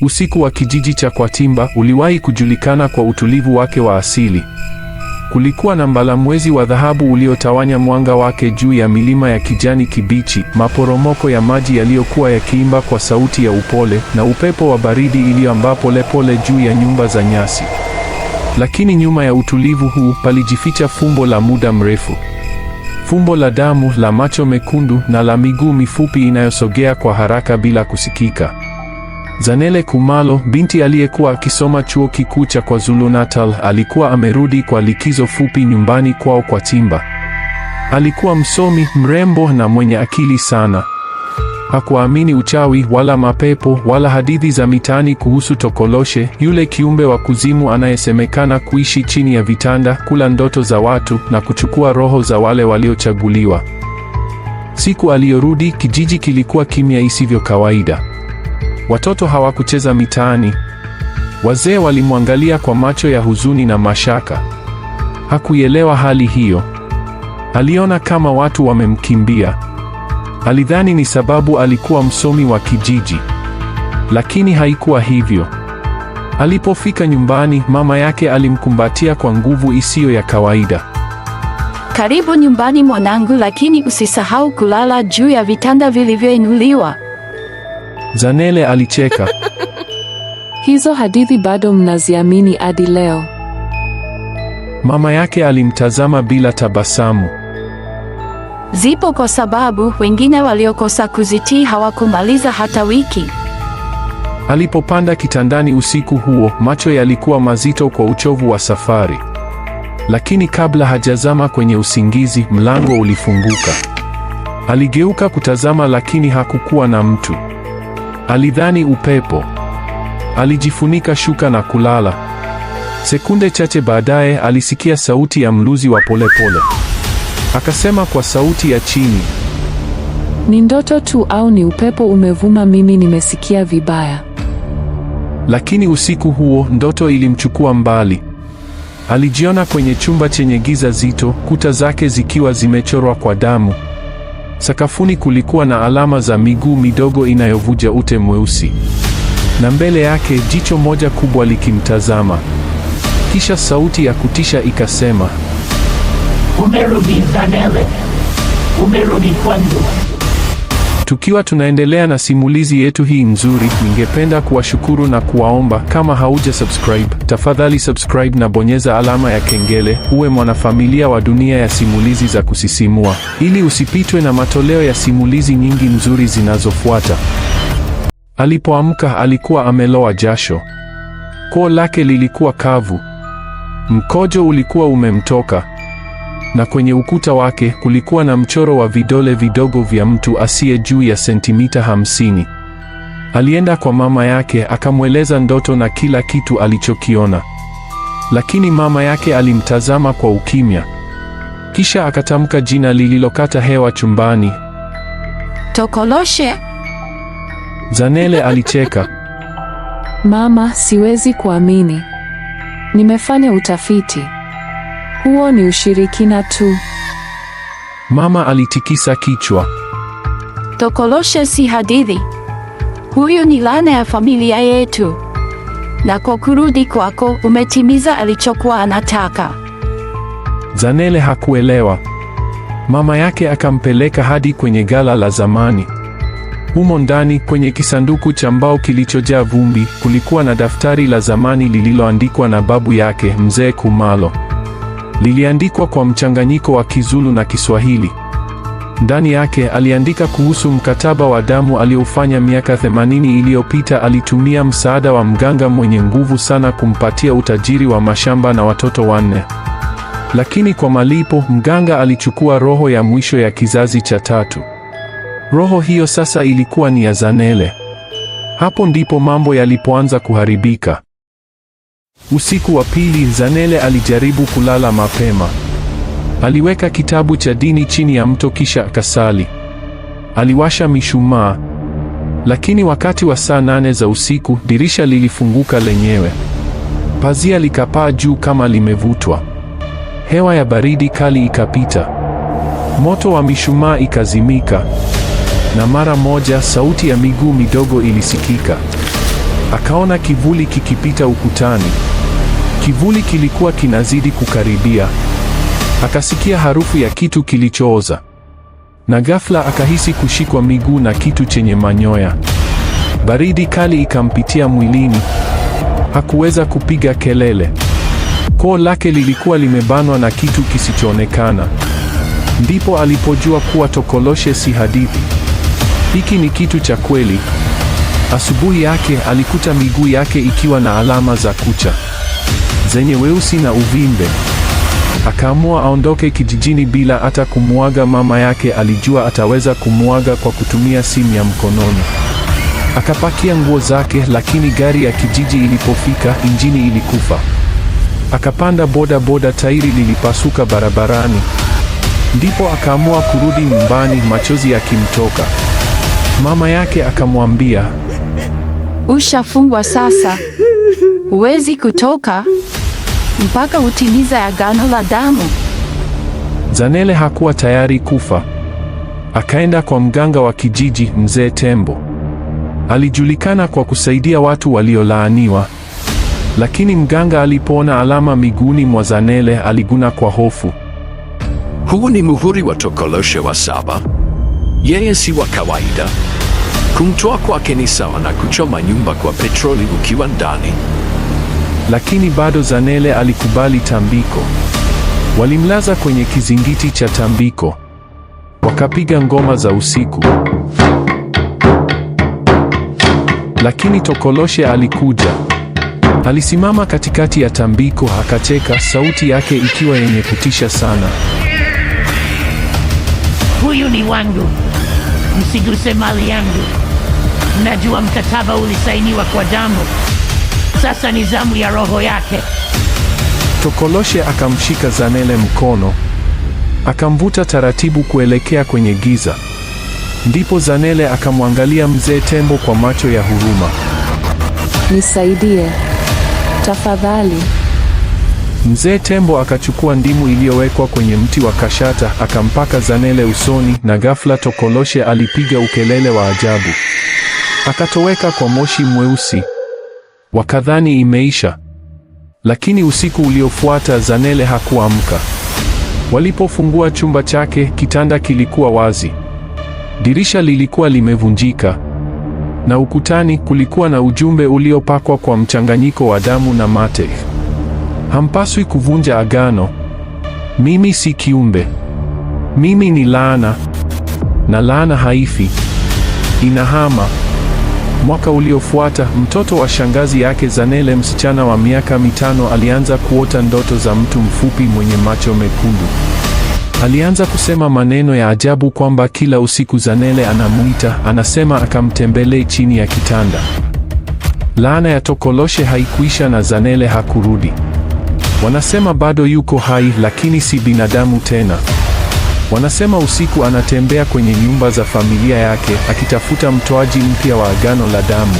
Usiku wa kijiji cha Kwatimba uliwahi kujulikana kwa utulivu wake wa asili. Kulikuwa na mbalamwezi wa dhahabu uliotawanya mwanga wake juu ya milima ya kijani kibichi, maporomoko ya maji yaliyokuwa yakiimba kwa sauti ya upole, na upepo wa baridi iliyoambaa polepole juu ya nyumba za nyasi. Lakini nyuma ya utulivu huu palijificha fumbo la muda mrefu, fumbo la damu, la macho mekundu na la miguu mifupi inayosogea kwa haraka bila kusikika. Zanele Kumalo, binti aliyekuwa akisoma chuo kikuu cha KwaZulu-Natal, alikuwa amerudi kwa likizo fupi nyumbani kwao kwa Timba. Alikuwa msomi, mrembo na mwenye akili sana. Hakuamini uchawi wala mapepo wala hadithi za mitaani kuhusu Tokoloshe, yule kiumbe wa kuzimu anayesemekana kuishi chini ya vitanda, kula ndoto za watu na kuchukua roho za wale waliochaguliwa. Siku aliyorudi, kijiji kilikuwa kimya isivyo kawaida. Watoto hawakucheza mitaani. Wazee walimwangalia kwa macho ya huzuni na mashaka. Hakuielewa hali hiyo. Aliona kama watu wamemkimbia. Alidhani ni sababu alikuwa msomi wa kijiji. Lakini haikuwa hivyo. Alipofika nyumbani, mama yake alimkumbatia kwa nguvu isiyo ya kawaida. Karibu nyumbani mwanangu, lakini usisahau kulala juu ya vitanda vilivyoinuliwa. Zanele alicheka. Hizo hadithi bado mnaziamini hadi leo? Mama yake alimtazama bila tabasamu. Zipo kwa sababu wengine waliokosa kuzitii hawakumaliza hata wiki. Alipopanda kitandani usiku huo, macho yalikuwa mazito kwa uchovu wa safari. Lakini kabla hajazama kwenye usingizi, mlango ulifunguka. Aligeuka kutazama, lakini hakukuwa na mtu. Alidhani upepo. Alijifunika shuka na kulala. Sekunde chache baadaye alisikia sauti ya mluzi wa polepole. Akasema kwa sauti ya chini, ni ndoto tu au ni upepo umevuma? Mimi nimesikia vibaya. Lakini usiku huo ndoto ilimchukua mbali. Alijiona kwenye chumba chenye giza zito, kuta zake zikiwa zimechorwa kwa damu. Sakafuni kulikuwa na alama za miguu midogo inayovuja ute mweusi, na mbele yake jicho moja kubwa likimtazama. Kisha sauti ya kutisha ikasema, umerudi Zanele, umerudi kwangu. Tukiwa tunaendelea na simulizi yetu hii nzuri, ningependa kuwashukuru na kuwaomba kama hauja subscribe, tafadhali subscribe na bonyeza alama ya kengele, uwe mwanafamilia wa Dunia ya Simulizi za Kusisimua ili usipitwe na matoleo ya simulizi nyingi nzuri zinazofuata. Alipoamka alikuwa ameloa jasho, koo lake lilikuwa kavu, mkojo ulikuwa umemtoka na kwenye ukuta wake kulikuwa na mchoro wa vidole vidogo vya mtu asiye juu ya sentimita hamsini. Alienda kwa mama yake akamweleza ndoto na kila kitu alichokiona, lakini mama yake alimtazama kwa ukimya, kisha akatamka jina lililokata hewa chumbani, Tokoloshe. Zanele alicheka. Mama, siwezi kuamini, nimefanya utafiti huo ni ushirikina tu. Mama alitikisa kichwa. Tokoloshe, si hadithi. Huyu ni laana ya familia yetu, na kwa kurudi kwako umetimiza alichokuwa anataka. Zanele hakuelewa. Mama yake akampeleka hadi kwenye gala la zamani. Humo ndani kwenye kisanduku cha mbao kilichojaa vumbi, kulikuwa na daftari la zamani lililoandikwa na babu yake, Mzee Kumalo. Liliandikwa kwa mchanganyiko wa Kizulu na Kiswahili. Ndani yake aliandika kuhusu mkataba wa damu aliofanya miaka 80 iliyopita. Alitumia msaada wa mganga mwenye nguvu sana kumpatia utajiri wa mashamba na watoto wanne. Lakini kwa malipo, mganga alichukua roho ya mwisho ya kizazi cha tatu. Roho hiyo sasa ilikuwa ni ya Zanele. Hapo ndipo mambo yalipoanza kuharibika. Usiku wa pili, Zanele alijaribu kulala mapema. Aliweka kitabu cha dini chini ya mto kisha akasali. Aliwasha mishumaa. Lakini wakati wa saa nane za usiku, dirisha lilifunguka lenyewe. Pazia likapaa juu kama limevutwa. Hewa ya baridi kali ikapita. Moto wa mishumaa ikazimika. Na mara moja sauti ya miguu midogo ilisikika. Akaona kivuli kikipita ukutani. Kivuli kilikuwa kinazidi kukaribia. Akasikia harufu ya kitu kilichooza, na ghafla akahisi kushikwa miguu na kitu chenye manyoya. Baridi kali ikampitia mwilini, hakuweza kupiga kelele. Koo lake lilikuwa limebanwa na kitu kisichoonekana. Ndipo alipojua kuwa tokoloshe si hadithi, hiki ni kitu cha kweli. Asubuhi yake alikuta miguu yake ikiwa na alama za kucha zenye weusi na uvimbe. Akaamua aondoke kijijini bila hata kumuaga mama yake. Alijua ataweza kumuaga kwa kutumia simu ya mkononi. Akapakia nguo zake, lakini gari ya kijiji ilipofika, injini ilikufa. Akapanda boda boda, tairi lilipasuka barabarani. Ndipo akaamua kurudi nyumbani, machozi yakimtoka. Mama yake akamwambia, ushafungwa sasa, huwezi kutoka mpaka utimize agano la damu. Zanele hakuwa tayari kufa. Akaenda kwa mganga wa kijiji, mzee Tembo. Alijulikana kwa kusaidia watu waliolaaniwa. Lakini mganga alipoona alama miguuni mwa Zanele aliguna kwa hofu. Huu ni muhuri wa tokoloshe wa saba. Yeye si wa kawaida. Kumtoa kwake ni sawa na kuchoma nyumba kwa petroli ukiwa ndani. Lakini bado Zanele alikubali tambiko. Walimlaza kwenye kizingiti cha tambiko, wakapiga ngoma za usiku. Lakini Tokoloshe alikuja, alisimama katikati ya tambiko, akacheka, sauti yake ikiwa yenye kutisha sana. Huyu ni wangu, msiguse mali yangu. Najua mkataba ulisainiwa kwa damu. Sasa ni zamu ya roho yake. Tokoloshe akamshika Zanele mkono akamvuta taratibu kuelekea kwenye giza. Ndipo Zanele akamwangalia mzee tembo kwa macho ya huruma. Nisaidie tafadhali. Mzee tembo akachukua ndimu iliyowekwa kwenye mti wa kashata akampaka Zanele usoni, na ghafla Tokoloshe alipiga ukelele wa ajabu, akatoweka kwa moshi mweusi wakadhani imeisha. Lakini usiku uliofuata Zanele hakuamka. Walipofungua chumba chake, kitanda kilikuwa wazi, dirisha lilikuwa limevunjika, na ukutani kulikuwa na ujumbe uliopakwa kwa mchanganyiko wa damu na mate: hampaswi kuvunja agano, mimi si kiumbe, mimi ni laana, na laana haifi, inahama. Mwaka uliofuata, mtoto wa shangazi yake Zanele, msichana wa miaka mitano, alianza kuota ndoto za mtu mfupi mwenye macho mekundu. Alianza kusema maneno ya ajabu kwamba kila usiku Zanele anamuita, anasema akamtembelee chini ya kitanda. Laana ya Tokoloshe haikuisha na Zanele hakurudi. Wanasema bado yuko hai, lakini si binadamu tena. Wanasema usiku anatembea kwenye nyumba za familia yake akitafuta mtoaji mpya wa agano la damu.